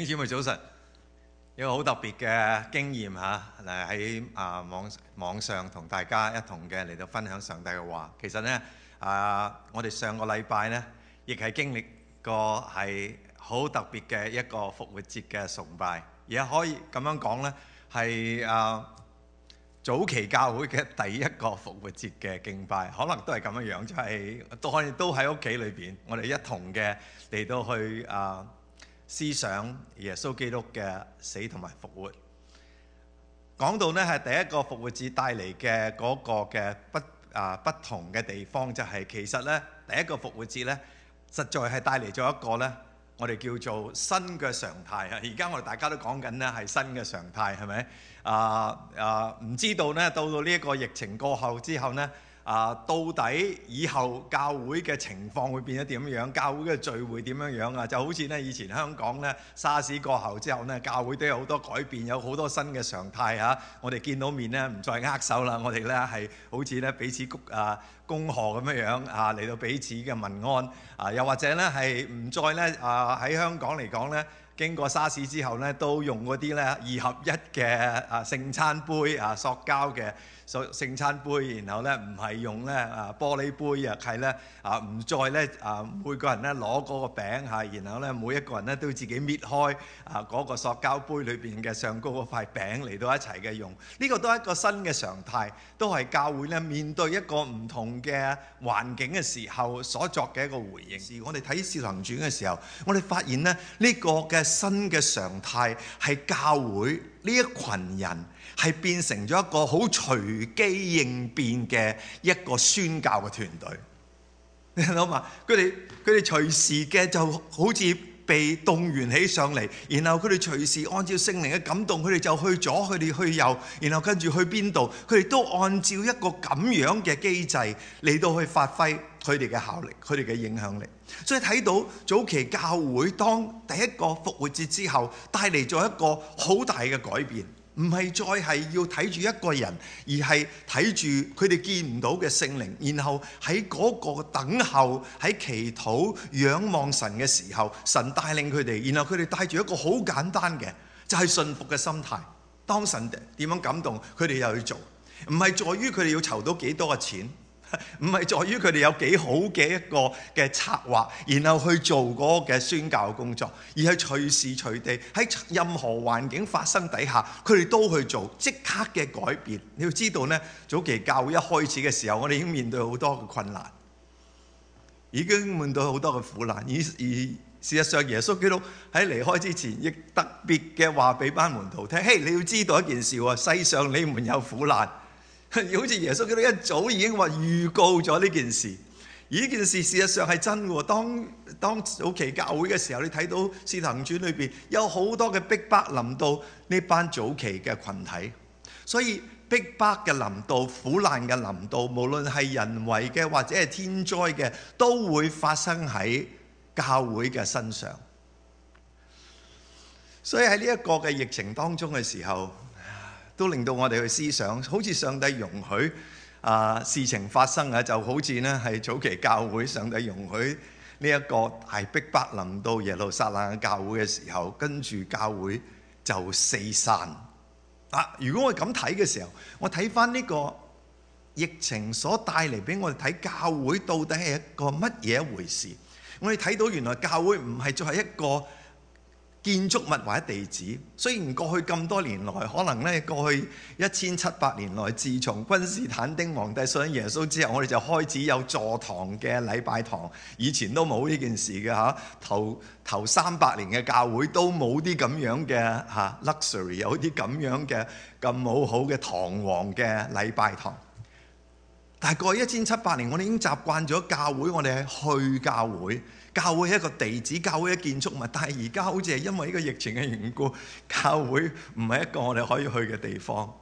弟兄姊妹早晨，有個好特別嘅經驗吓，嚟喺啊，網網上同大家一同嘅嚟到分享上帝嘅話。其實咧啊，我哋上個禮拜咧亦係經歷過係好特別嘅一個復活節嘅崇拜，而可以咁樣講咧係啊早期教會嘅第一個復活節嘅敬拜，可能都係咁樣樣，就係都可以都喺屋企裏邊，我哋一同嘅嚟到去啊。思想耶穌基督嘅死同埋復活，講到呢，係第一個復活節帶嚟嘅嗰個嘅不啊不同嘅地方，就係、是、其實呢，第一個復活節呢，實在係帶嚟咗一個呢，我哋叫做新嘅常態啊！而家我哋大家都講緊呢，係新嘅常態，係咪？啊啊，唔知道呢，到到呢一個疫情過後之後呢。啊，到底以後教會嘅情況會變得點樣？教會嘅聚會點樣樣啊？就好似咧，以前香港咧，沙士過後之後咧，教會都有好多改變，有好多新嘅常態嚇、啊。我哋見到面咧，唔再握手啦，我哋咧係好似咧彼此鞠啊躬賀咁樣樣嚇，嚟到彼此嘅民安啊，又或者咧係唔再咧啊喺香港嚟講咧，經過沙士之後咧，都用嗰啲咧二合一嘅啊聖餐杯啊塑膠嘅。所聖餐杯，然後咧唔係用咧啊玻璃杯啊，係咧啊唔再咧啊每個人咧攞嗰個餅吓，然後咧每一個人都自己搣開啊嗰個塑膠杯裏邊嘅上高嗰塊餅嚟到一齊嘅用，呢、這個都係一個新嘅常態，都係教會咧面對一個唔同嘅環境嘅時候所作嘅一個回應。我哋睇《使徒行傳》嘅時候，我哋發現咧呢個嘅新嘅常態係教會呢一群人。係變成咗一個好隨機應變嘅一個宣教嘅團隊你嗎。你諗下，佢哋佢哋隨時嘅就好似被動員起上嚟，然後佢哋隨時按照聖靈嘅感動，佢哋就去左，佢哋去右，然後跟住去邊度，佢哋都按照一個咁樣嘅機制嚟到去發揮佢哋嘅效力，佢哋嘅影響力。所以睇到早期教會當第一個復活節之後，帶嚟咗一個好大嘅改變。唔係再係要睇住一個人，而係睇住佢哋見唔到嘅聖靈，然後喺嗰個等候、喺祈禱、仰望神嘅時候，神帶領佢哋，然後佢哋帶住一個好簡單嘅，就係信服嘅心態。當神點樣感動佢哋，佢哋又去做，唔係在於佢哋要籌到幾多嘅錢。唔係在於佢哋有幾好嘅一個嘅策劃，然後去做嗰個宣教工作，而係隨時隨地，喺任何環境發生底下，佢哋都去做即刻嘅改變。你要知道呢，早期教會一開始嘅時候，我哋已經面對好多嘅困難，已經面對好多嘅苦難。而而事實上，耶穌基督喺離開之前，亦特別嘅話俾班門徒聽：嘿，你要知道一件事喎，世上你們有苦難。 好似耶穌佢都一早已經話預告咗呢件事，而呢件事事實上係真喎。當當早期教會嘅時候，你睇到《使徒行傳》裏邊有好多嘅逼迫臨到呢班早期嘅群體，所以逼迫嘅臨到、苦難嘅臨到，無論係人為嘅或者係天災嘅，都會發生喺教會嘅身上。所以喺呢一個嘅疫情當中嘅時候，都令到我哋去思想，好似上帝容許啊事情發生啊，就好似呢係早期教會，上帝容許呢一個大逼迫臨到耶路撒冷嘅教會嘅時候，跟住教會就四散啊！如果我咁睇嘅時候，我睇翻呢個疫情所帶嚟俾我哋睇教會到底係一個乜嘢一回事？我哋睇到原來教會唔係作係一個建築物或者地址，雖然過去咁多年來，可能呢過去一千七百年來，自從君士坦丁皇帝信耶穌之後，我哋就開始有座堂嘅禮拜堂，以前都冇呢件事嘅嚇、啊。頭頭三百年嘅教會都冇啲咁樣嘅嚇、啊、luxury，有啲咁樣嘅咁好好嘅堂皇嘅禮拜堂。但係過去一千七百年，我哋已經習慣咗教會，我哋係去教會。教會係一個地址，教會係一個建築物，但係而家好似係因為呢個疫情嘅緣故，教會唔係一個我哋可以去嘅地方。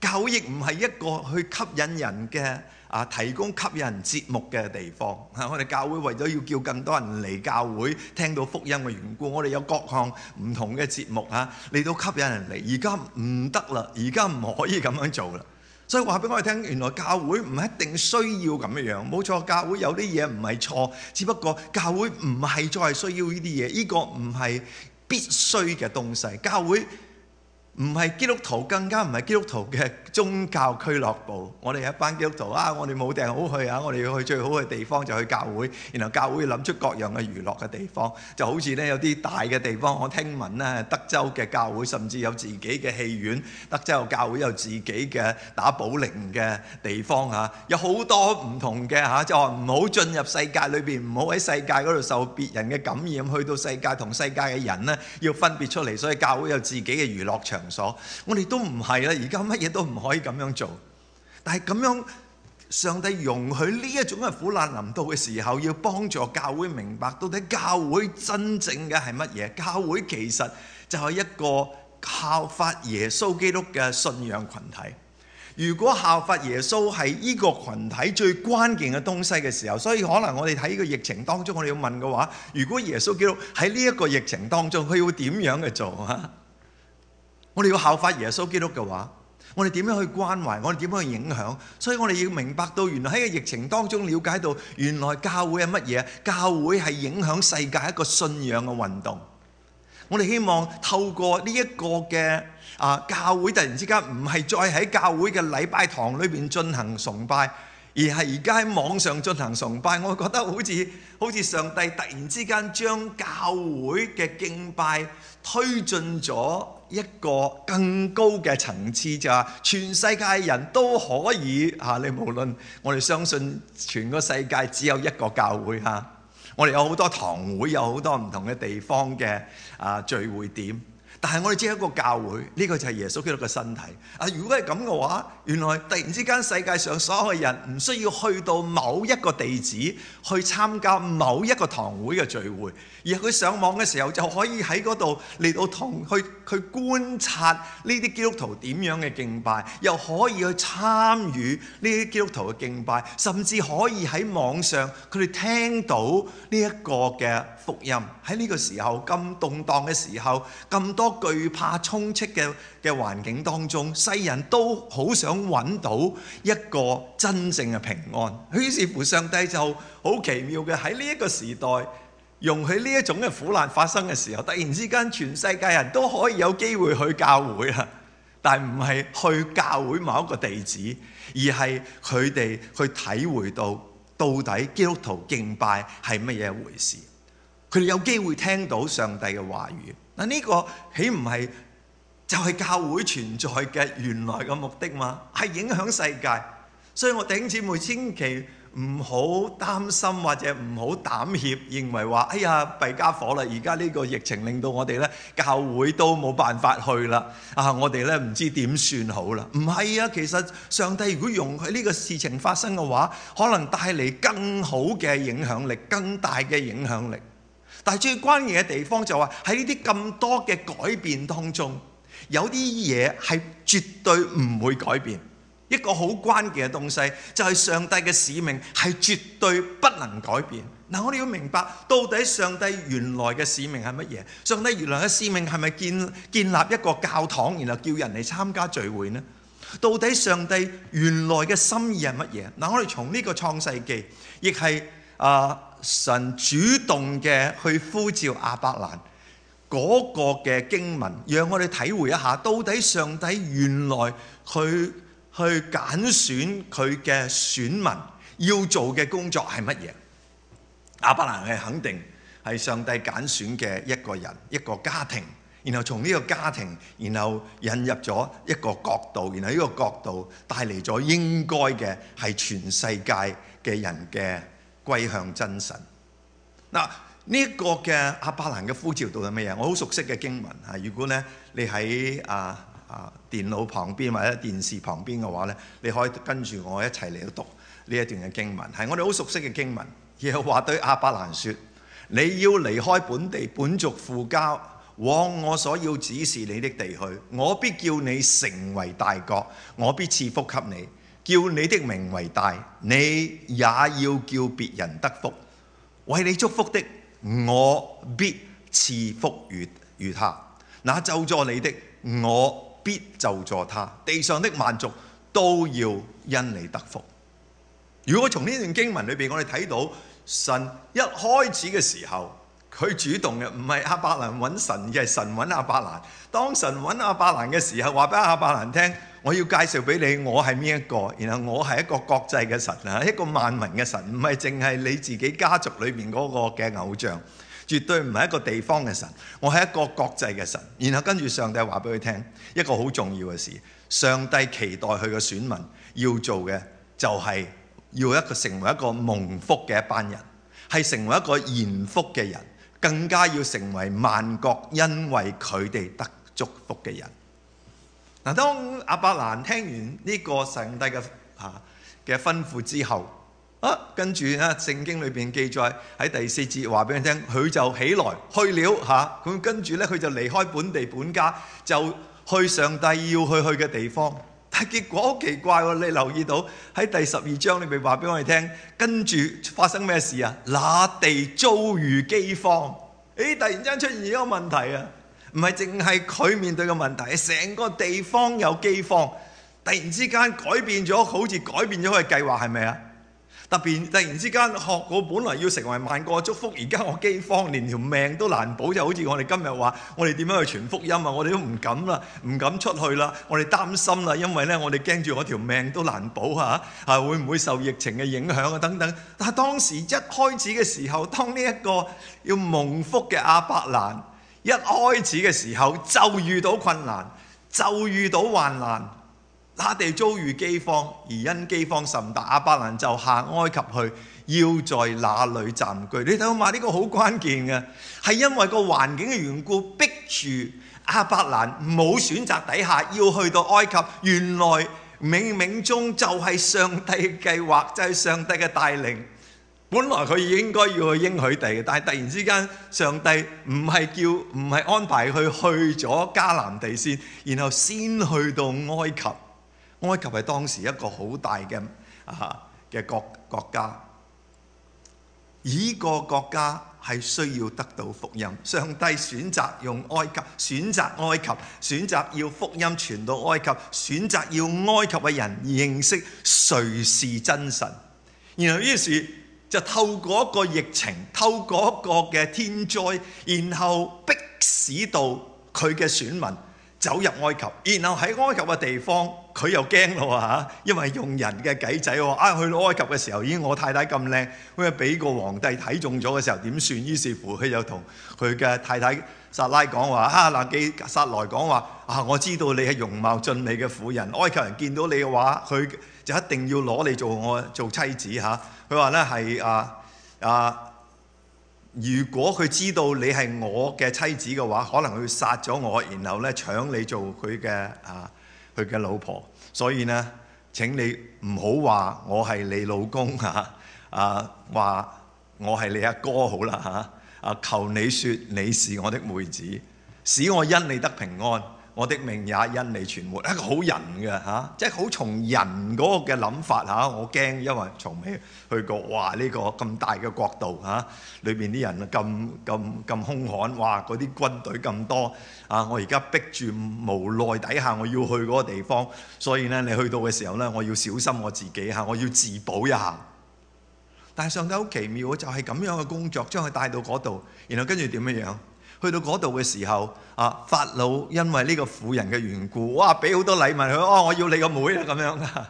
教會亦唔係一個去吸引人嘅啊，提供吸引人節目嘅地方。啊、我哋教會為咗要叫更多人嚟教會聽到福音嘅緣故，我哋有各項唔同嘅節目嚇，嚟、啊、到吸引人嚟。而家唔得啦，而家唔可以咁樣做啦。所以話俾我哋聽，原來教會唔一定需要咁樣樣，冇錯。教會有啲嘢唔係錯，只不過教會唔係再需要呢啲嘢，呢個唔係必須嘅東西。教會。唔係基督徒，更加唔係基督徒嘅宗教俱樂部。我哋一班基督徒啊，我哋冇訂好去啊，我哋要去最好嘅地方就去教會。然後教會諗出各樣嘅娛樂嘅地方，就好似咧有啲大嘅地方。我聽聞咧德州嘅教會甚至有自己嘅戲院，德州嘅教會有自己嘅打保齡嘅地方嚇。有好多唔同嘅嚇，就話唔好進入世界裏邊，唔好喺世界嗰度受別人嘅感染，去到世界同世界嘅人咧要分別出嚟。所以教會有自己嘅娛樂場。所，我哋都唔係啦。而家乜嘢都唔可以咁樣做，但係咁樣，上帝容許呢一種嘅苦難臨到嘅時候，要幫助教會明白到底教會真正嘅係乜嘢。教會其實就係一個效法耶穌基督嘅信仰群體。如果效法耶穌係呢個群體最關鍵嘅東西嘅時候，所以可能我哋睇呢個疫情當中，我哋要問嘅話，如果耶穌基督喺呢一個疫情當中，佢會點樣去做啊？我哋要效法耶穌基督嘅話，我哋點樣去關懷？我哋點樣去影響？所以我哋要明白到原來喺個疫情當中了解到，原來教會係乜嘢？教會係影響世界一個信仰嘅運動。我哋希望透過呢一個嘅啊，教會突然之間唔係再喺教會嘅禮拜堂裏邊進行崇拜，而係而家喺網上進行崇拜。我覺得好似好似上帝突然之間將教會嘅敬拜推進咗。一個更高嘅層次，就係，是，全世界人都可以嚇，你無論我哋相信全個世界只有一個教會嚇，我哋有好多堂會，有好多唔同嘅地方嘅啊聚會點。但係我哋只係一個教會，呢個就係耶穌基督嘅身體啊，如果係咁嘅話，原來突然之間世界上所有人唔需要去到某一個地址去參加某一個堂會嘅聚會，而佢上網嘅時候就可以喺度嚟到同去去觀察呢啲基督徒點樣嘅敬拜，又可以去參與呢啲基督徒嘅敬拜，甚至可以喺網上佢哋聽到呢一個嘅福音。喺呢個時候，咁動盪嘅時候，咁多。懼怕充斥嘅嘅環境當中，世人都好想揾到一個真正嘅平安。於是乎，上帝就好奇妙嘅，喺呢一個時代，容許呢一種嘅苦難發生嘅時候，突然之間全世界人都可以有機會去教會啊，但唔係去教會某一個地址，而係佢哋去體會到到底基督徒敬拜係乜嘢一回事。佢哋有機會聽到上帝嘅話語。呢、這個豈唔係就係、是、教會存在嘅原來嘅目的嘛？係影響世界，所以我弟兄姊妹千祈唔好擔心或者唔好膽怯，認為話：哎呀弊家伙啦！而家呢個疫情令到我哋咧教會都冇辦法去啦啊！我哋咧唔知點算好啦？唔係啊，其實上帝如果容許呢個事情發生嘅話，可能帶嚟更好嘅影響力、更大嘅影響力。但係最關鍵嘅地方就話喺呢啲咁多嘅改變當中，有啲嘢係絕對唔會改變。一個好關鍵嘅東西就係上帝嘅使命係絕對不能改變。嗱，我哋要明白到底上帝原來嘅使命係乜嘢？上帝原來嘅使命係咪建建立一個教堂，然後叫人嚟參加聚會呢？到底上帝原來嘅心意係乜嘢？嗱，我哋從呢個創世記，亦係。啊！神主動嘅去呼召亞伯蘭嗰個嘅經文，讓我哋體會一下，到底上帝原來佢去揀選佢嘅選民要做嘅工作係乜嘢？亞伯蘭係肯定係上帝揀選嘅一個人，一個家庭，然後從呢個家庭，然後引入咗一個角度，然後呢個角度帶嚟咗應該嘅係全世界嘅人嘅。歸向真神。嗱，呢一個嘅亞伯蘭嘅呼召到底咩嘢？我好熟悉嘅經文啊！如果咧你喺啊啊電腦旁邊或者電視旁邊嘅話咧，你可以跟住我一齊嚟到讀呢一段嘅經文，係我哋好熟悉嘅經文。又話對亞伯蘭説：你要離開本地本族父家，往我所要指示你的地去，我必叫你成為大國，我必賜福給你。叫你的名為大，你也要叫別人得福。為你祝福的，我必賜福與他；那咒詛你的，我必咒詛他。地上的萬族都要因你得福。如果從呢段經文裏面我們看，我哋睇到神一開始嘅時候。佢主動嘅，唔係阿伯蘭揾神，而係神揾阿伯蘭。當神揾阿伯蘭嘅時候，話俾阿伯蘭聽：我要介紹俾你，我係邊一個？然後我係一個國際嘅神啊，一個萬民嘅神，唔係淨係你自己家族裏面嗰個嘅偶像，絕對唔係一個地方嘅神。我係一個國際嘅神。然後跟住上帝話俾佢聽一個好重要嘅事：上帝期待佢嘅選民要做嘅就係、是、要一個成為一個蒙福嘅一班人，係成為一個賢福嘅人。更加要成為萬國因為佢哋得祝福嘅人。嗱，當亞伯蘭聽完呢個上帝嘅嚇嘅吩咐之後，啊，跟住咧聖經裏邊記載喺第四節話俾佢聽，佢就起來去了嚇，咁、啊、跟住咧佢就離開本地本家，就去上帝要佢去嘅地方。但結果好奇怪喎！你留意到喺第十二章裏面話俾我哋聽，跟住發生咩事啊？那地遭遇饑荒，咦，突然之間出現一個問題啊！唔係淨係佢面對嘅問題，成個地方有饑荒，突然之間改變咗，好似改變咗佢嘅計劃，係咪啊？特別突然之間，學我本來要成為萬國祝福，而家我飢荒，連條命都難保，就好似我哋今日話，我哋點樣去傳福音啊？我哋都唔敢啦，唔敢出去啦，我哋擔心啦，因為呢，我哋驚住我條命都難保嚇，係、啊啊、會唔會受疫情嘅影響啊？等等。但係當時一開始嘅時候，當呢一個要蒙福嘅阿伯蘭一開始嘅時候，就遇到困難，就遇到患難。他地遭遇饑荒，而因饑荒甚大，亞伯蘭就下埃及去，要在哪裏暫居？你睇到嘛？呢個好關鍵嘅，係因為個環境嘅緣故，逼住亞伯蘭冇選擇底下要去到埃及。原來冥冥中就係上帝嘅計劃，就係上帝嘅帶領。本來佢應該要去應許地嘅，但係突然之間，上帝唔係叫，唔係安排佢去咗迦南地先，然後先去到埃及。埃及係當時一個好大嘅啊嘅國國家，呢個國家係需要得到福音，上帝選擇用埃及，選擇埃及，選擇要福音傳到埃及，選擇要埃及嘅人認識誰是真神。然後於是就透過一個疫情，透過一個嘅天災，然後迫使到佢嘅選民走入埃及，然後喺埃及嘅地方。佢又驚咯，因為用人嘅計仔喎，啊去埃及嘅時候已經我太太咁靚，咁啊俾個皇帝睇中咗嘅時候點算？於是乎佢就同佢嘅太太撒拉講話，啊嗱幾撒來講話，啊我知道你係容貌俊美嘅婦人，埃及人見到你嘅話，佢就一定要攞你做我做妻子嚇。佢話咧係啊他呢啊，啊，如果佢知道你係我嘅妻子嘅話，可能佢殺咗我，然後咧搶你做佢嘅啊。佢嘅老婆，所以呢，請你唔好話我係你老公吓啊，話、啊、我係你阿哥好啦吓啊，求你說你是我的妹子，使我因你得平安。我的命也因你存活，一個好人嘅嚇，即係好從人嗰個嘅諗法嚇。我驚，因為從未去過，哇！呢個咁大嘅國度嚇，裏邊啲人咁咁咁兇悍，哇！嗰啲軍隊咁多啊！我而家逼住無奈底下，我要去嗰個地方，所以咧，你去到嘅時候咧，我要小心我自己嚇，我要自保一下。但係上帝好奇妙，就係咁樣嘅工作，將佢帶到嗰度，然後跟住點樣樣？去到嗰度嘅時候，啊，法老因為呢個婦人嘅緣故，哇，俾好多禮物佢，哦，啊，我要你個妹啊咁樣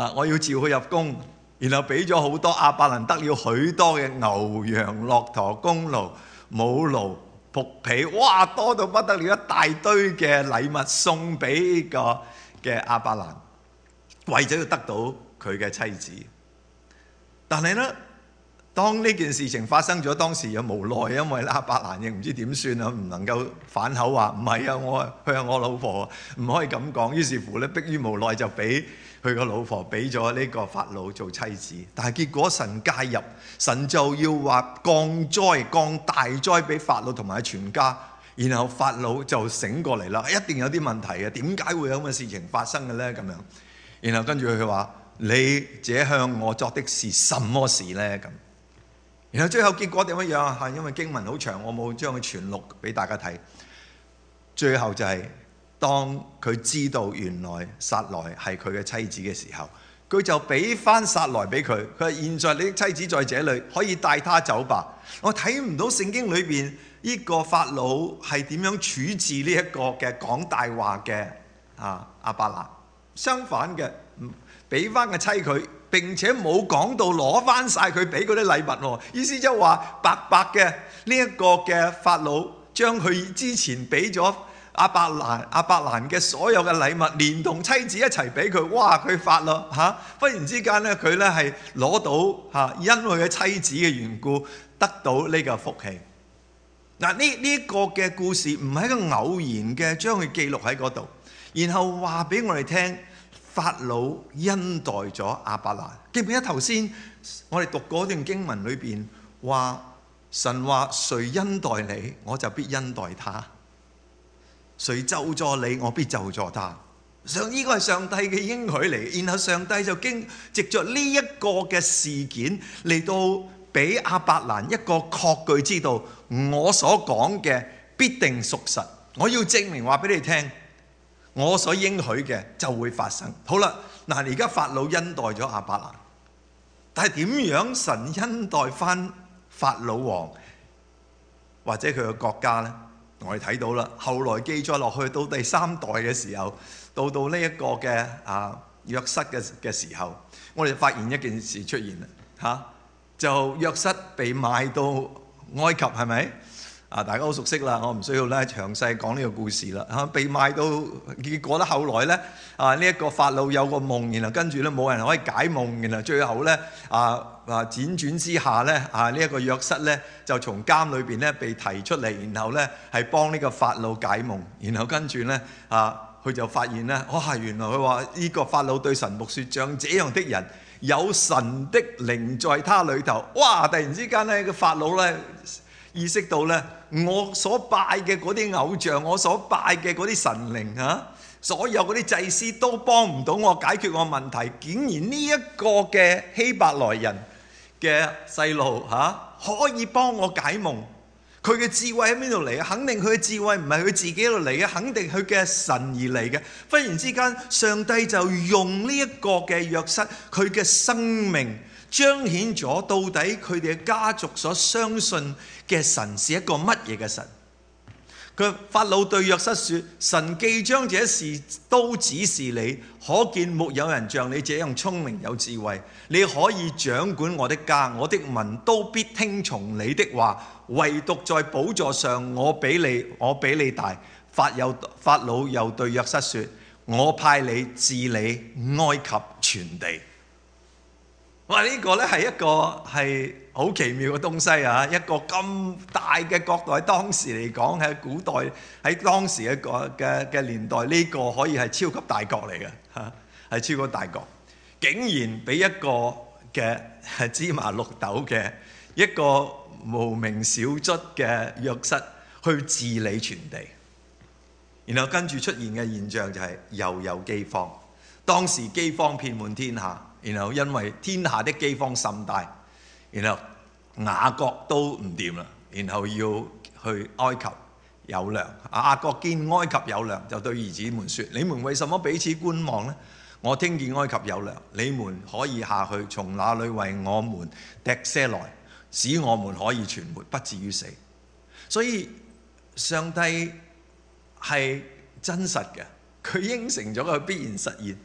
啊，我要召佢入宮，然後俾咗好多，亞伯蘭得了許多嘅牛羊、駱駝、公奴、母奴、僕皮，哇，多到不得了，一大堆嘅禮物送俾，呢個嘅亞伯蘭，為咗要得到佢嘅妻子。但係呢？當呢件事情發生咗，當時又無奈，因為亞伯蘭亦唔知點算啊，唔能夠反口話唔係啊，我向我老婆唔可以咁講。於是乎咧，迫於無奈就俾佢個老婆俾咗呢個法老做妻子。但係結果神介入，神就要話降災降大災俾法老同埋全家。然後法老就醒過嚟啦，一定有啲問題嘅，點解會有咁嘅事情發生嘅咧？咁樣，然後跟住佢話：你這向我作的是什麼事咧？咁然後最後結果點樣啊？因為經文好長，我冇將佢全錄俾大家睇。最後就係當佢知道原來撒萊係佢嘅妻子嘅時候，佢就俾翻撒萊俾佢。佢話：現在你的妻子在這裏，可以帶他走吧。我睇唔到聖經裏面呢個法老係點樣處置呢一個嘅講大話嘅啊亞伯蘭。相反嘅，嗯，俾翻個妻子。並且冇講到攞翻晒佢俾嗰啲禮物喎、哦，意思就話白白嘅呢一個嘅法老將佢之前俾咗阿伯蘭阿伯蘭嘅所有嘅禮物，連同妻子一齊俾佢，哇！佢發咯嚇，忽然之間咧佢咧係攞到嚇、啊，因為佢妻子嘅緣故得到呢個福氣。嗱，呢呢個嘅故事唔係一個偶然嘅將佢記錄喺嗰度，然後話俾我哋聽。法老恩待咗亞伯蘭。記唔記得頭先我哋讀嗰段經文裏邊話，神話誰恩待你，我就必恩待他；誰咒詛你，我必咒詛他。上呢個係上帝嘅應許嚟，然後上帝就經藉着呢一個嘅事件嚟到俾亞伯蘭一個確據，知道我所講嘅必定屬實。我要證明話俾你聽。我所應許嘅就會發生。好啦，嗱，而家法老恩待咗阿伯蘭，但係點樣神恩待翻法老王或者佢嘅國家咧？我哋睇到啦，後來記載落去到第三代嘅時候，到到呢一個嘅啊約瑟嘅嘅時候，我哋發現一件事出現啦、啊、就約瑟被賣到埃及係咪？是啊！大家好熟悉啦，我唔需要咧詳細講呢個故事啦。嚇、啊，被賣到結果咧，後來咧啊，呢、這、一個法老有個夢，然後跟住咧冇人可以解夢，然後最後咧啊啊，輾轉之下咧啊，這個、藥呢一個約瑟咧就從監裏邊咧被提出嚟，然後咧係幫呢個法老解夢，然後跟住咧啊，佢就發現咧，哇！原來佢話呢個法老對神木説，像這樣的人有神的靈在他裏頭。哇！突然之間咧，嗰個法老咧～意識到咧，我所拜嘅嗰啲偶像，我所拜嘅嗰啲神靈嚇，所有嗰啲祭司都幫唔到我解決我問題。竟然呢一個嘅希伯來人嘅細路嚇可以幫我解夢，佢嘅智慧喺邊度嚟？肯定佢嘅智慧唔係佢自己喺度嚟嘅，肯定佢嘅神而嚟嘅。忽然之間，上帝就用呢一個嘅約瑟，佢嘅生命。彰顯咗到底佢哋家族所相信嘅神是一個乜嘢嘅神？佢法老對約瑟説：神既將這事都指示你，可見沒有人像你這樣聰明有智慧。你可以掌管我的家，我的民都必聽從你的話。唯獨在寶座上，我比你，我比你大。法又法老又對約瑟説：我派你治理埃及全地。我呢個咧係一個係好奇妙嘅東西啊！一個咁大嘅國度，當時嚟講喺古代喺當時嘅國嘅嘅年代，呢、這個可以係超級大國嚟嘅嚇，係超級大國，竟然俾一個嘅芝麻綠豆嘅一個無名小卒嘅約瑟去治理全地，然後跟住出現嘅現象就係、是、又有饑荒。當時饑荒遍滿天下。然後因為天下的饑荒甚大，然後雅各都唔掂啦，然後要去埃及有糧。雅各見埃及有糧，就對兒子們説：你們為什麼彼此觀望呢？我聽見埃及有糧，你們可以下去，從那裏為我們糴些來，使我們可以存活，不至於死。所以上帝係真實嘅，佢應承咗，佢必然實現。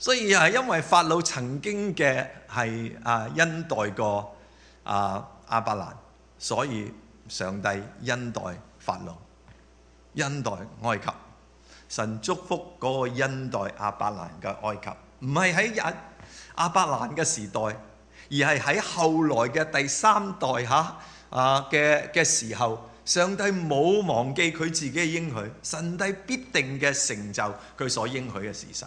所以係因為法老曾經嘅，係啊，恩待過啊亞伯蘭，所以上帝恩待法老，恩待埃及。神祝福嗰個恩待亞伯蘭嘅埃及，唔係喺亞亞伯蘭嘅時代，而係喺後來嘅第三代嚇啊嘅嘅時候，上帝冇忘記佢自己嘅應許，神帝必定嘅成就佢所應許嘅事實。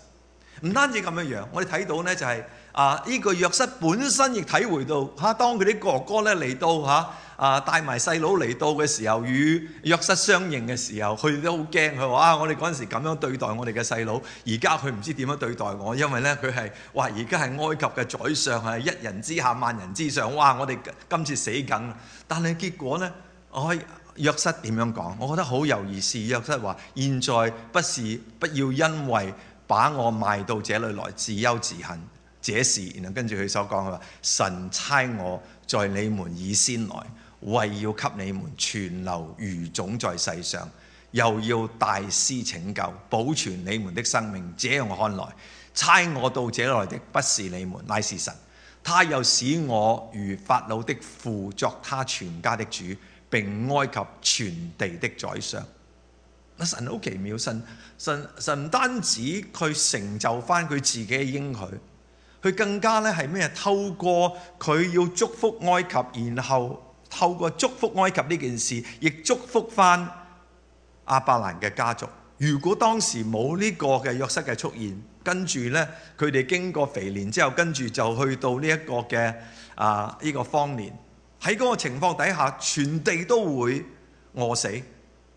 唔單止咁樣樣，我哋睇到呢就係、是、啊，呢、這個約瑟本身亦體會到嚇、啊，當佢啲哥哥咧嚟到嚇啊帶埋細佬嚟到嘅時候，與約瑟相認嘅時候，佢都好驚，佢話啊，我哋嗰陣時咁樣對待我哋嘅細佬，而家佢唔知點樣對待我，因為呢，佢係話而家係埃及嘅宰相係一人之下萬人之上，哇！我哋今次死緊，但係結果呢，我約瑟點樣講？我覺得好有意思。約瑟話：現在不是不要因為。把我賣到這裡來，自憂自恨，這事然後跟住佢所講嘅：「話神差我在你們以先來，為要給你們存留餘種在世上，又要大施拯救，保存你們的生命。這樣看來，差我到這裡來的不是你們，乃是神。他又使我如法老的父，作他全家的主，並埃及全地的宰相。神好奇妙，神神神唔單止佢成就翻佢自己嘅應許，佢更加咧係咩？透過佢要祝福埃及，然後透過祝福埃及呢件事，亦祝福翻亞伯蘭嘅家族。如果當時冇呢個嘅約瑟嘅出現，跟住咧佢哋經過肥年之後，跟住就去到呢一個嘅啊呢、呢個荒年，喺嗰個情況底下，全地都會餓死。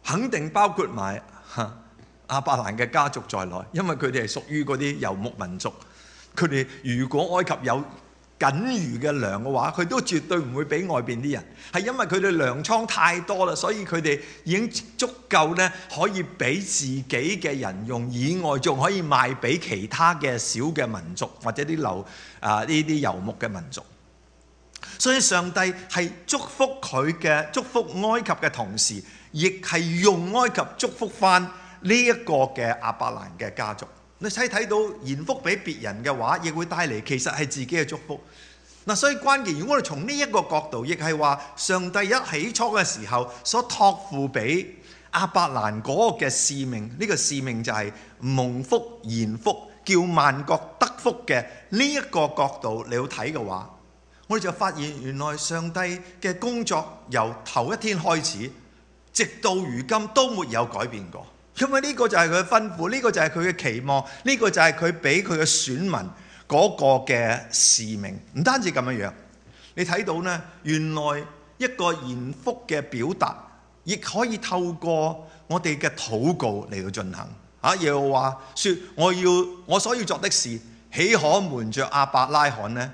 肯定包括埋阿伯蘭嘅家族在內，因為佢哋係屬於嗰啲游牧民族。佢哋如果埃及有僅餘嘅糧嘅話，佢都絕對唔會俾外邊啲人，係因為佢哋糧倉太多啦，所以佢哋已經足夠呢，可以俾自己嘅人用以外，仲可以賣俾其他嘅小嘅民族或者啲流啊呢啲游牧嘅民族。所以上帝係祝福佢嘅，祝福埃及嘅同時，亦係用埃及祝福翻呢一個嘅阿伯蘭嘅家族。你睇睇到延福俾別人嘅話，亦會帶嚟其實係自己嘅祝福。嗱，所以關鍵如果我哋從呢一個角度，亦係話上帝一起初嘅時候所託付俾阿伯蘭嗰個嘅使命，呢、呢個使命就係蒙福延福，叫萬國得福嘅呢一個角度你要睇嘅話，我哋就發現原來上帝嘅工作由頭一天開始。直到如今都沒有改變過，因為呢個就係佢嘅吩咐，呢個就係佢嘅期望，呢個就係佢俾佢嘅選民嗰個嘅使命。唔單止咁樣樣，你睇到呢，原來一個言福嘅表達，亦可以透過我哋嘅禱告嚟到進行。啊，耶和華說：我要我所要做的事，豈可瞞著亞伯拉罕呢？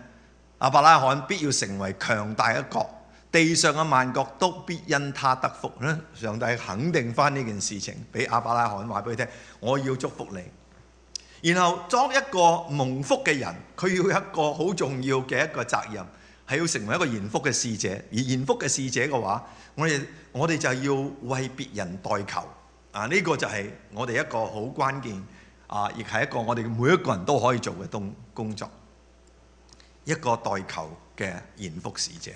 亞伯拉罕必要成為強大一國。地上嘅萬國都必因他得福咧，上帝肯定翻呢件事情，俾阿伯拉罕話俾佢聽，我要祝福你。然後作一個蒙福嘅人，佢要一個好重要嘅一個責任，係要成為一個延福嘅使者。而延福嘅使者嘅話，我哋我哋就要為別人代求。啊，呢、這個就係我哋一個好關鍵啊，亦係一個我哋每一個人都可以做嘅東工作。一個代求嘅延福使者。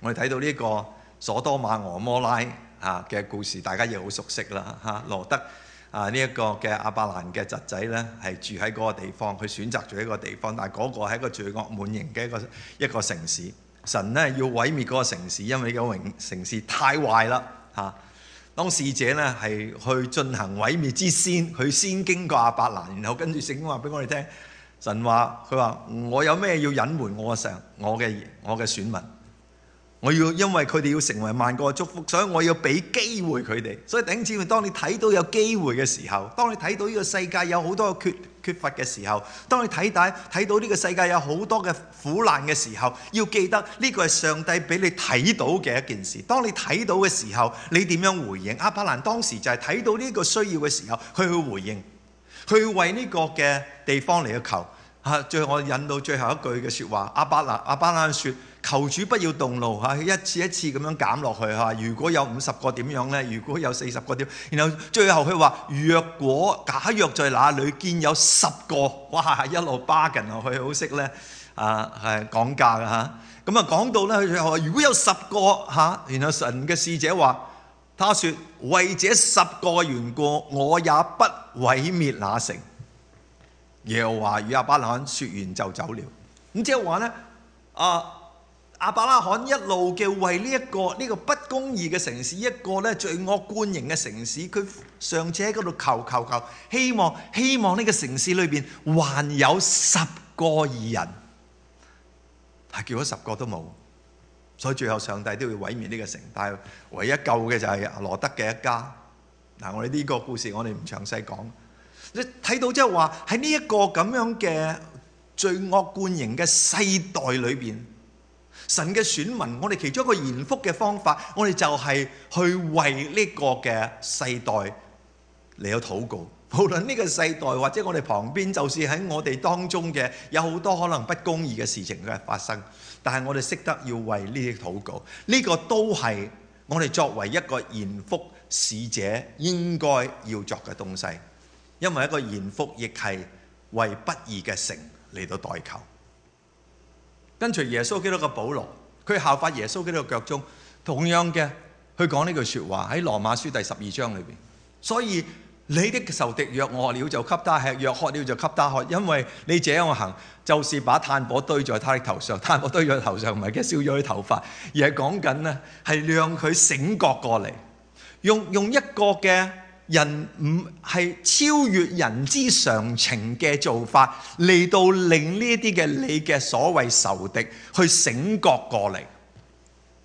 我哋睇到呢個所多瑪俄摩拉啊嘅故事，大家亦好熟悉啦嚇。羅德啊，呢一個嘅亞伯蘭嘅侄仔呢，係住喺嗰個地方，佢選擇住喺個地方，但係嗰個係一個罪惡滿盈嘅一個一個城市。神呢要毀滅嗰個城市，因為這個城城市太壞啦嚇、啊。當使者呢係去進行毀滅之先，佢先經過亞伯蘭，然後跟住聖經話俾我哋聽，神話佢話：我有咩要隱瞞我嘅神、我嘅我嘅選民？我要因為佢哋要成為萬個祝福，所以我要俾機會佢哋。所以頂住，當你睇到有機會嘅時候，當你睇到呢個世界有好多嘅缺缺乏嘅時候，當你睇到睇到呢個世界有好多嘅苦難嘅時候，要記得呢個係上帝俾你睇到嘅一件事。當你睇到嘅時候，你點樣回應？亞伯蘭當時就係睇到呢個需要嘅時候，佢去回應，佢為呢個嘅地方嚟去求。啊！最後我引到最後一句嘅説話，阿巴拿阿巴拿説：求主不要動怒嚇，一次一次咁樣減落去嚇。如果有五十個點樣咧？如果有四十個點？然後最後佢話：若果假若在哪裏見有十個，哇！一路 bargain 落去好識咧。啊，係講價嘅嚇。咁啊講到咧，佢就話：如果有十個嚇、啊，然後神嘅使者話：他説為這十個嘅緣故，我也不毀滅那城。耶和華與阿伯拉罕說完就走了。咁即係呢，咧、啊，阿亞伯拉罕一路嘅為呢、這、一、個這個不公義嘅城市，一、這個罪惡官營嘅城市，佢上次喺嗰度求求求，希望希望呢個城市裏面還有十個義人，係叫咗十個都冇，所以最後上帝都要毀滅呢個城。但唯一救嘅就係阿羅德嘅一家。嗱，我哋呢個故事我哋唔詳細講。你睇到即係話喺呢一個咁樣嘅罪惡滿盈嘅世代裏邊，神嘅選民，我哋其中一個延福嘅方法，我哋就係去為呢個嘅世代嚟去禱告。無論呢個世代或者我哋旁邊，就是喺我哋當中嘅有好多可能不公義嘅事情嘅發生，但係我哋識得要為呢啲禱告，呢、這個都係我哋作為一個延福使者應該要作嘅東西。因為一個延福，亦係為不義嘅城嚟到代求。跟隨耶穌基督嘅保羅，佢效法耶穌基督嘅腳蹤，同樣嘅去講呢句説話，喺羅馬書第十二章裏邊。所以你的仇敵若餓了，就給他吃；若渴了，就給他喝。因為你這樣行，就是把炭火堆在他的頭上，炭火堆在頭上唔係嘅燒咗佢頭髮，而係講緊咧係讓佢醒覺過嚟，用用一個嘅。人唔係超越人之常情嘅做法嚟到令呢啲嘅你嘅所謂仇敵去醒覺過嚟。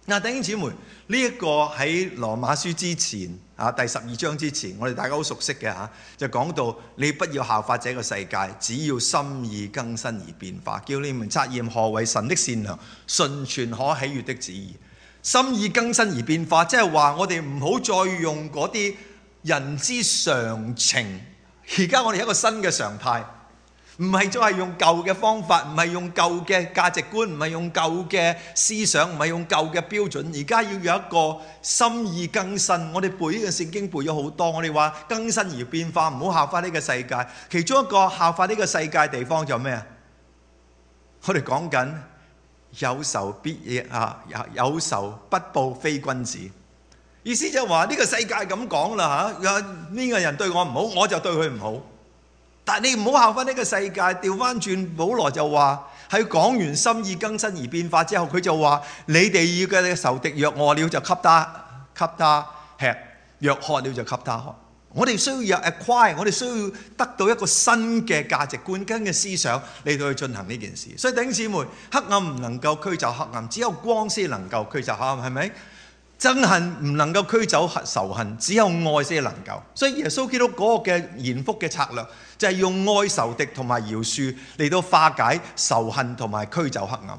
嗱、啊，弟兄姊妹，呢、這、一個喺羅馬書之前啊，第十二章之前，我哋大家好熟悉嘅嚇、啊，就講到你不要效法這個世界，只要心意更新而變化，叫你們察驗何為神的善良、純全、可喜悅的旨意。心意更新而變化，即係話我哋唔好再用嗰啲。人之常情，而家我哋一個新嘅常態，唔係再係用舊嘅方法，唔係用舊嘅價值觀，唔係用舊嘅思想，唔係用舊嘅標準。而家要有一個心意更新。我哋背呢個聖經背咗好多，我哋話更新而變化，唔好效法呢個世界。其中一個效法呢個世界的地方就咩麼？我哋講緊有仇必報啊，有仇不報非君子。意思就話呢個世界咁講啦嚇，呢個人對我唔好，我就對佢唔好。但係你唔好效翻呢個世界，調翻轉。保羅就話喺講完心意更新而變化之後，佢就話你哋要嘅仇敵若餓了，我就給他給他吃；若渴了，就給他喝。我哋需要 acquire，我哋需要得到一個新嘅價值觀跟嘅思想你哋去進行呢件事。所以弟兄姊妹，黑暗唔能夠驅走黑暗，只有光先能夠驅走黑暗，係咪？憎恨唔能夠驅走仇恨，只有愛先能夠。所以耶穌基督嗰個嘅延福嘅策略，就係用愛仇敵同埋饒恕嚟到化解仇恨同埋驅走黑暗。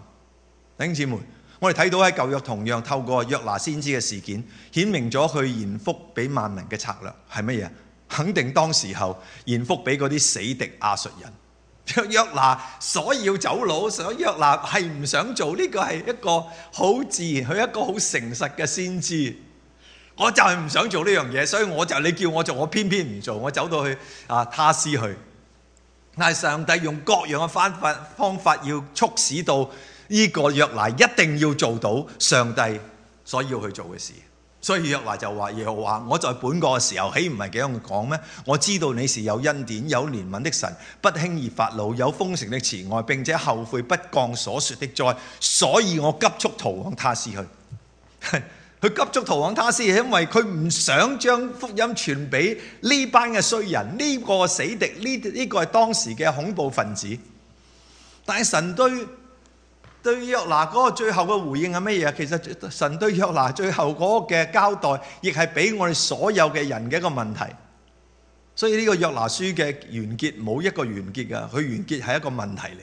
弟兄姊妹，我哋睇到喺舊約同樣透過約拿先知嘅事件，顯明咗佢延福俾萬民嘅策略係乜嘢？肯定當時候延福俾嗰啲死敵亞述人。約拿所以走佬，想約拿係唔想做呢、這個係一個好自然，佢一個好誠實嘅先知。我就係唔想做呢樣嘢，所以我就你叫我做，我偏偏唔做，我走到去啊他施去。但係上帝用各樣嘅方法方法，要促使到呢個約拿一定要做到上帝所要去做嘅事。所以約拿就話，約拿，我在本國嘅時候，豈唔係咁樣講咩？我知道你是有恩典、有憐憫的神，不輕易發怒，有豐盛的慈愛，並且後悔不降所說的災，所以我急速逃往他施去。佢 急速逃往他施，係因為佢唔想將福音傳俾呢班嘅衰人，呢、呢個死敵，呢、呢、呢個係、呢個、當時嘅恐怖分子。但係神對。對約拿嗰個最後嘅回應係乜嘢？其實神對約拿最後嗰個嘅交代，亦係俾我哋所有嘅人嘅一個問題。所以呢個約拿書嘅完結冇一個完結㗎，佢完結係一個問題嚟。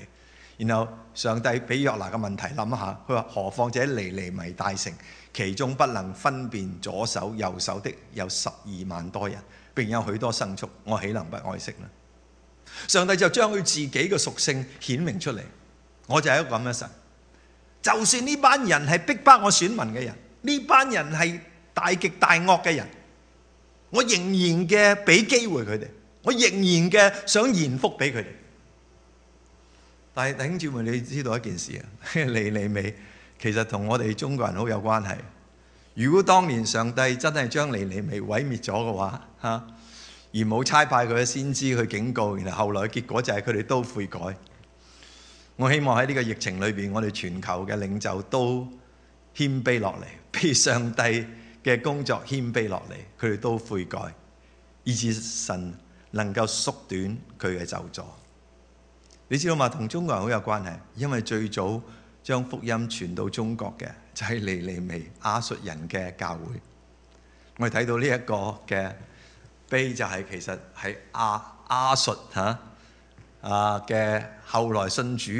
然後上帝俾約拿嘅問題諗下，佢話：何況這尼尼微大城？其中不能分辨左手右手的有十二萬多人，並有許多牲畜，我豈能不愛惜呢？上帝就將佢自己嘅屬性顯明出嚟，我就係一個咁嘅神。就算呢班人係逼迫我選民嘅人，呢班人係大極大惡嘅人，我仍然嘅俾機會佢哋，我仍然嘅想延福俾佢哋。但係弟兄姊妹，你知道一件事啊，李李美其實同我哋中國人好有關係。如果當年上帝真係將李李美毀滅咗嘅話，嚇而冇差派佢嘅先知去警告，然後後來嘅結果就係佢哋都悔改。我希望喺呢個疫情裏邊，我哋全球嘅領袖都謙卑落嚟，被上帝嘅工作謙卑落嚟，佢哋都悔改，以致神能夠縮短佢嘅咒詛。你知道嘛？同中國人好有關係，因為最早將福音傳到中國嘅就係尼尼微亞述人嘅教會。我哋睇到呢一個嘅碑，就是，就係其實係亞亞述嚇。啊嘅，後來信主，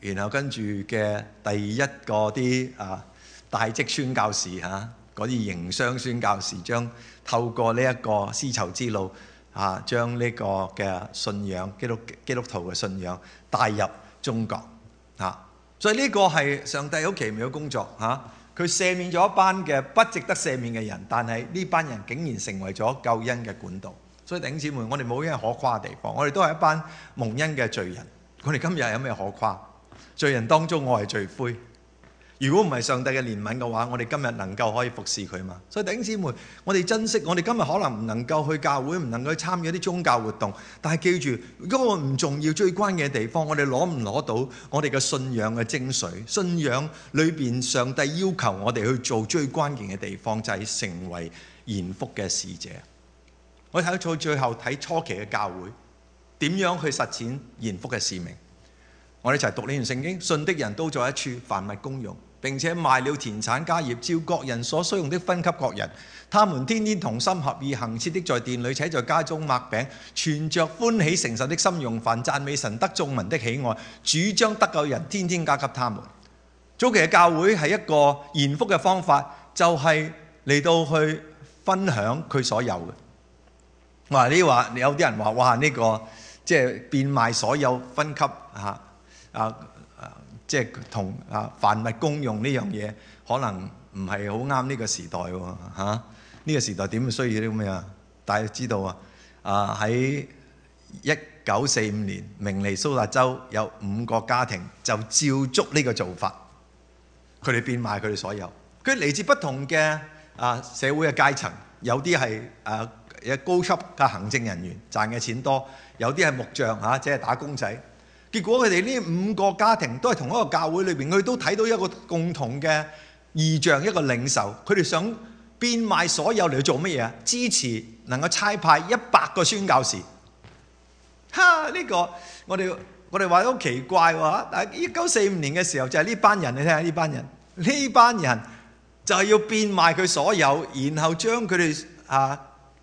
然後跟住嘅第一個啲啊大職宣教士嚇，嗰啲營商宣教士將透過呢一個絲綢之路啊，將呢個嘅信仰基督基督徒嘅信仰帶入中國嚇，啊。所以呢個係上帝好奇妙嘅工作嚇，佢赦免咗一班嘅不值得赦免嘅人，但係呢班人竟然成為咗救恩嘅管道。所以弟姊妹，我哋冇咩可誇嘅地方，我哋都係一班蒙恩嘅罪人。我哋今日有咩可誇？罪人當中，我係罪魁。如果唔係上帝嘅憐憫嘅話，我哋今日能夠可以服侍佢嘛？所以弟姊妹，我哋珍惜我哋今日可能唔能夠去教會，唔能夠參與一啲宗教活動，但係記住一個唔重要、最關鍵嘅地方，我哋攞唔攞到我哋嘅信仰嘅精髓，信仰裏邊上帝要求我哋去做最關鍵嘅地方，就係成為延福嘅使者。我睇到最最後睇初期嘅教會點樣去實踐延福嘅使命。我哋一齊讀呢段聖經，信的人都在一處，凡物公用。並且賣了田產家業，照各人所需用的分給各人。他們天天同心合意行，恆切的在殿裏且在家中擘餅，存着歡喜誠實的心，用飯讚美神，得眾民的喜愛。主將得救人天天加給他們。早期嘅教會係一個延福嘅方法，就係、是、嚟到去分享佢所有嘅。我話你有啲人話哇呢、呢個即係變賣所有分級嚇啊，啊，啊即係同啊凡物公用呢樣嘢可能唔係好啱呢個時代喎呢、啊呢個時代點會需要啲咁嘢？大家、啊、知道啊啊喺一九四五年，明尼蘇達州有五個家庭就照足呢個做法，佢哋變賣佢哋所有。佢嚟自不同嘅啊社會嘅階層，有啲係啊。有高級嘅行政人員賺嘅錢多，有啲係木匠，嚇、啊，即係打工仔。結果佢哋呢五個家庭都係同一個教會裏邊，佢都睇到一個共同嘅異象，一個領袖。佢哋想變賣所有嚟做乜嘢啊？支持能夠差派一百個宣教士。嚇！呢、這個我哋我哋話得好奇怪喎、啊、但一九四五年嘅時候就係、是、呢班人，你睇下呢班人，呢班人就係要變賣佢所有，然後將佢哋嚇。啊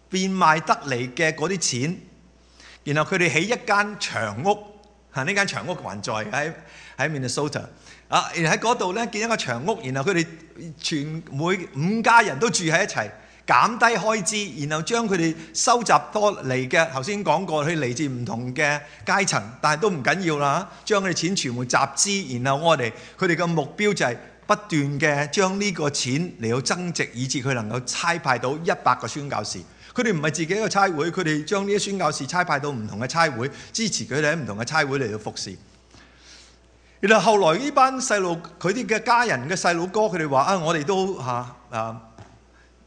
變賣得嚟嘅嗰啲錢，然後佢哋起一間長屋，嚇呢間長屋還在喺喺 Minnesota 啊！而喺嗰度咧建一個長屋，然後佢哋全每五家人都住喺一齊，減低開支，然後將佢哋收集多嚟嘅，頭先講過佢嚟自唔同嘅階層，但係都唔緊要啦。將佢哋錢全部集資，然後我哋佢哋嘅目標就係不斷嘅將呢個錢嚟到增值，以至佢能夠差派到一百個宣教士。佢哋唔係自己一個差會，佢哋將呢啲宣教士差派到唔同嘅差會，支持佢哋喺唔同嘅差會嚟到服侍。然後後來呢班細路，佢哋嘅家人嘅細路哥，佢哋話，我哋都嚇啊。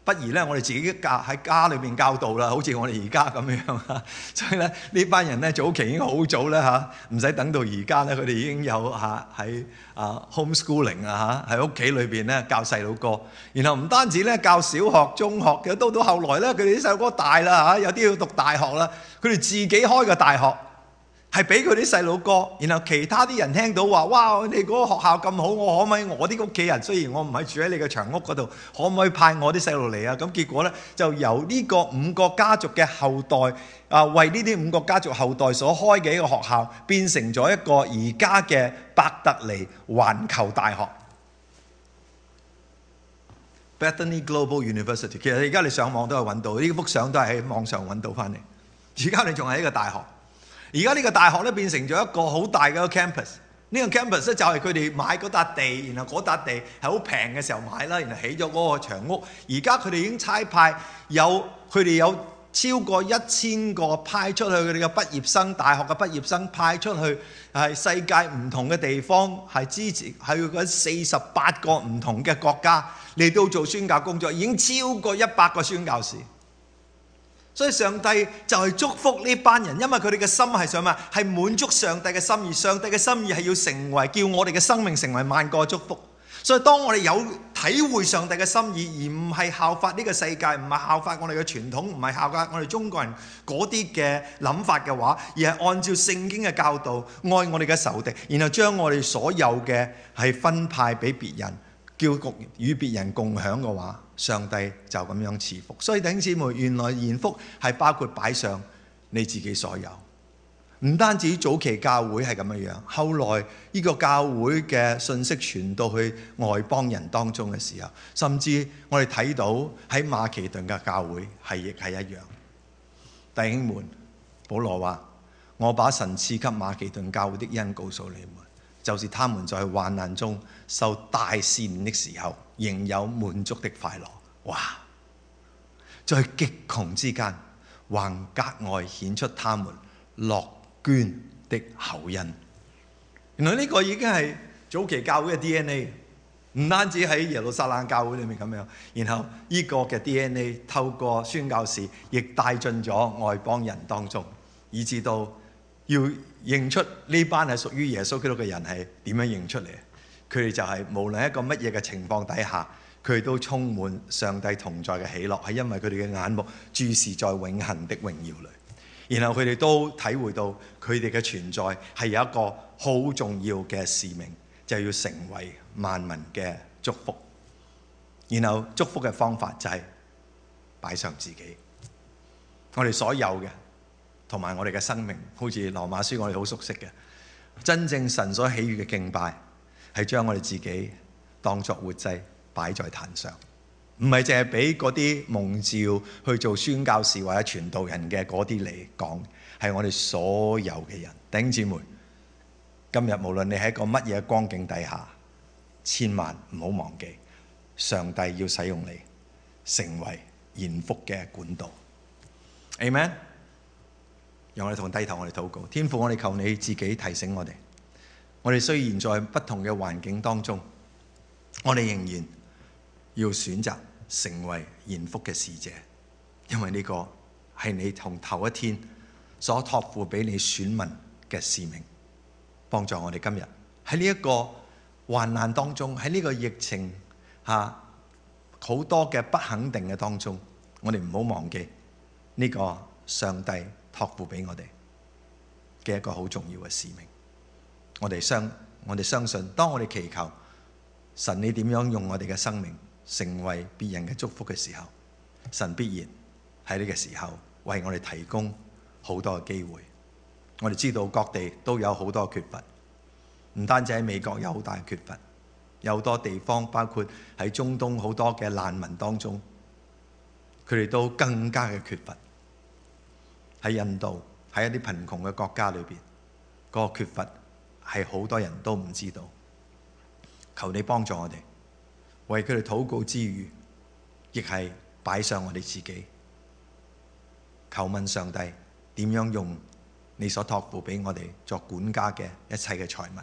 不如呢，我哋自己教喺家裏面教導啦，好似我哋而家咁樣，所以呢呢班人呢，早期已經好早啦，唔使等到而家咧，佢哋已經有喺啊 homeschooling 啊，喺屋企裏面咧教細佬哥。然後唔單止咧教小學、中學，又到到後來咧，佢哋啲細佬哥大啦，有啲要讀大學啦，佢哋自己開個大學。係俾佢啲細佬哥，然後其他啲人聽到話，哇！你嗰個學校咁好，我可唔可以我啲屋企人？雖然我唔係住喺你嘅長屋嗰度，可唔可以派我啲細路嚟啊？咁結果咧，就由呢個五個家族嘅後代啊，為呢啲五個家族後代所開嘅一個學校，變成咗一個而家嘅伯特尼環球大學 （Bethany Global University）。其實你而家你上網都係揾到，呢幅相都係喺網上揾到返嚟。而家你仲係一個大學。而家呢個大學咧，變成咗一個好大嘅一個 campus，呢個 campus 就係佢哋買嗰笪地，然後嗰笪地係好平嘅時候買啦，然後起咗嗰個長屋。而家佢哋已經差派有佢哋有超過一千個派出去佢哋嘅畢業生，大學嘅畢業生派出去係世界唔同嘅地方，係支持喺嗰四十八個唔同嘅國家嚟到做宣教工作，已經超過一百個宣教士。所以上帝就係祝福呢班人，因為佢哋嘅心係想咩？係滿足上帝嘅心意。上帝嘅心意係要成為叫我哋嘅生命成為萬國嘅祝福。所以當我哋有體會上帝嘅心意，而唔係效法呢個世界，唔係效法我哋嘅傳統，唔係效法我哋中國人嗰啲嘅諗法嘅話，而係按照聖經嘅教導，愛我哋嘅仇敵，然後將我哋所有嘅係分派俾別人。叫局與別人共享嘅話，上帝就咁樣賜福。所以弟兄姊妹，原來延福係包括擺上你自己所有，唔單止早期教會係咁樣，後來呢個教會嘅信息傳到去外邦人當中嘅時候，甚至我哋睇到喺馬其頓嘅教會係亦係一樣。弟兄們，保羅話：我把神賜給馬其頓教會的恩告訴你們。就是他們在患難中受大試煉的時候，仍有滿足的快樂。哇！在極窮之間，還格外顯出他們樂捐的厚恩。原來呢個已經係早期教會嘅 DNA，唔單止喺耶路撒冷教會裡面咁樣，然後呢個嘅 DNA 透過宣教士，亦帶進咗外邦人當中，以致到。要認出呢班係屬於耶穌基督嘅人係點樣認出嚟？佢哋就係無論一個乜嘢嘅情況底下，佢哋都充滿上帝同在嘅喜樂，係因為佢哋嘅眼目注視在永恆的榮耀裡。然後佢哋都體會到佢哋嘅存在係有一個好重要嘅使命，就要成為萬民嘅祝福。然後祝福嘅方法就係擺上自己，我哋所有嘅。同埋我哋嘅生命，好似《羅馬書》，我哋好熟悉嘅。真正神所喜悦嘅敬拜，係將我哋自己當作活祭擺在壇上，唔係淨係俾嗰啲蒙召去做宣教士或者傳道人嘅嗰啲嚟講，係我哋所有嘅人。頂姊妹，今日無論你喺個乜嘢光景底下，千萬唔好忘記，上帝要使用你，成為延福嘅管道。Amen 讓我哋同低頭，我哋禱告。天父。我哋求你自己提醒我哋。我哋雖然在不同嘅環境當中，我哋仍然要選擇成為延福嘅使者，因為呢個係你從頭一天所託付俾你選民嘅使命，幫助我哋今日喺呢一個患難當中，喺呢個疫情下好多嘅不肯定嘅當中，我哋唔好忘記呢個上帝，託付俾我哋嘅一個好重要嘅使命，我哋相我哋相信，當我哋祈求神，你點樣用我哋嘅生命成為別人嘅祝福嘅時候，神必然喺呢個時候為我哋提供好多嘅機會。我哋知道各地都有好多嘅缺乏，唔單止喺美國有好大嘅缺乏，有好多地方，包括喺中東好多嘅難民當中，佢哋都更加嘅缺乏。喺印度，喺一啲貧窮嘅國家裏邊，嗰個缺乏係好多人都唔知道。求你幫助我哋，為佢哋禱告之餘，亦係擺上我哋自己，求問上帝點樣用你所託付俾我哋作管家嘅一切嘅財物，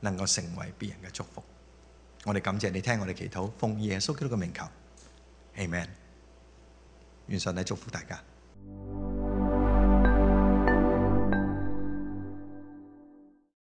能夠成為別人嘅祝福。我哋感謝你，聽我哋祈禱，奉耶穌基督嘅名求，Amen。願上帝祝福大家。